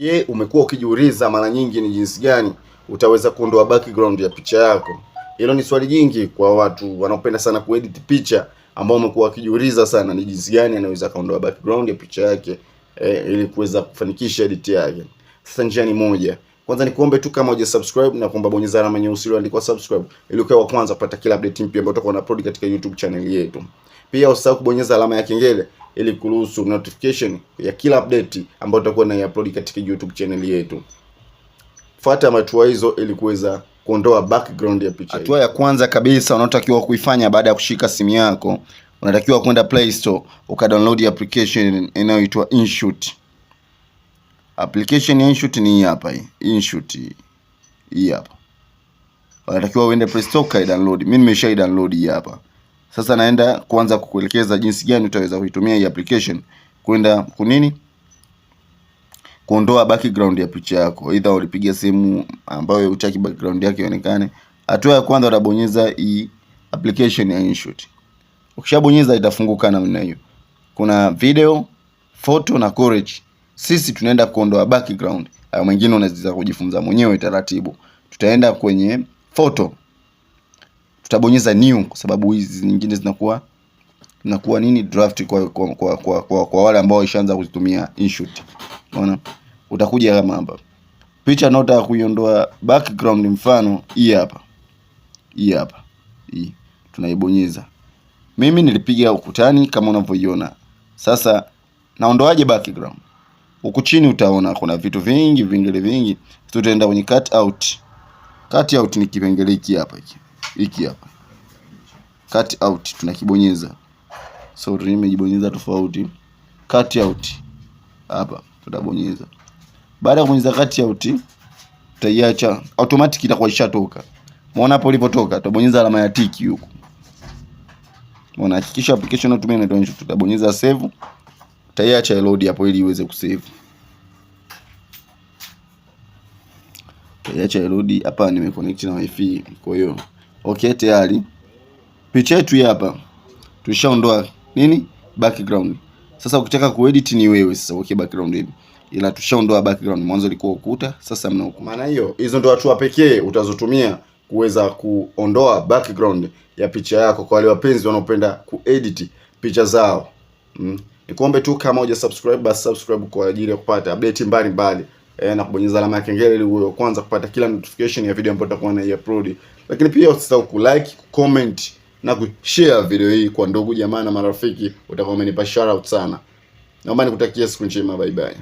Je, umekuwa ukijiuliza mara nyingi ni jinsi gani utaweza kuondoa background ya picha yako? Hilo ni swali jingi kwa watu wanaopenda sana kuedit picha, ambao wamekuwa wakijiuliza sana ni jinsi gani anaweza kaondoa background ya picha yake eh, ili kuweza kufanikisha edit yake. Sasa njia ni moja. Kwanza ni kuombe tu kama hujasubscribe na kuomba bonyeza alama nyeusi iliyoandikwa subscribe ili ukae wa kwanza kupata kila update mpya ambayo tutakuwa na upload katika YouTube channel yetu. Pia usisahau kubonyeza alama ya kengele ili kuruhusu notification ya kila update ambayo tutakuwa na upload katika YouTube channel yetu. Fuata hatua hizo ili kuweza kuondoa background ya picha. Hatua ya kwanza kabisa unaotakiwa kuifanya baada ya kushika simu yako, unatakiwa kwenda Play Store ukadownload application inayoitwa InShot. Application ya InShot ni hii hapa, hii InShot hii hapa. Unatakiwa uende Play Store ukaidownload. Mimi nimeshaidownload hii hapa. Sasa naenda kuanza kukuelekeza jinsi gani utaweza kuitumia hii application kwenda kunini kuondoa background ya picha yako, either ulipiga simu ambayo utaki background yake ionekane. Hatua ya kwanza utabonyeza hii application ya InShot. Ukishabonyeza itafunguka namna hiyo, kuna video, photo na collage. Sisi tunaenda kuondoa background, mwingine unaweza kujifunza mwenyewe taratibu. Tutaenda kwenye photo tutabonyeza new kwa sababu hizi nyingine zinakuwa zinakuwa nini draft kwa kwa kwa, kwa, kwa, kwa wale ambao ishaanza kuzitumia inshoot. Unaona? Utakuja kama hapa. Picha nota ya kuiondoa background, mfano hii hapa. Hii hapa. Hii tunaibonyeza. Mimi nilipiga ukutani kama unavyoiona. Sasa naondoaje background? Huku chini utaona kuna vitu vingi vingi vingi. Tutaenda kwenye cut out. Cut out ni kipengele hiki hapa hiki hiki hapa cut out, tunakibonyeza sorry, nimejibonyeza tofauti. Cut out hapa tutabonyeza. Baada ya kubonyeza cut out, tutaiacha automatic, itakuwa ishatoka. Muona hapo ilipotoka, tutabonyeza alama ya tiki huko. Muona, hakikisha application unayotumia inaitwa, tutabonyeza save, tutaiacha load hapo ili iweze kusave Acha irudi hapa, nimeconnect na wifi, kwa hiyo Okay, tayari picha yetu hapa tushaondoa nini background. Sasa ukitaka kuedit ni wewe sasa okay, background hivi ila tushaondoa background. Mwanzo ilikuwa ukuta, sasa mna ukuta. Maana hiyo hizo ndo hatua pekee utazotumia kuweza kuondoa background ya picha yako, kwa wale wapenzi wanaopenda kuedit picha zao mm. Nikuombe tu kama uja subscribe basi subscribe kwa ajili ya kupata update mbalimbali e, na kubonyeza alama ya kengele ili uwe wa kwanza kupata kila notification ya video ambayo tutakuwa na upload lakini pia usisahau like, comment na kushare video hii kwa ndugu jamaa na marafiki. utakao amenipa shout out sana. Naomba nikutakia siku njema, bye bye.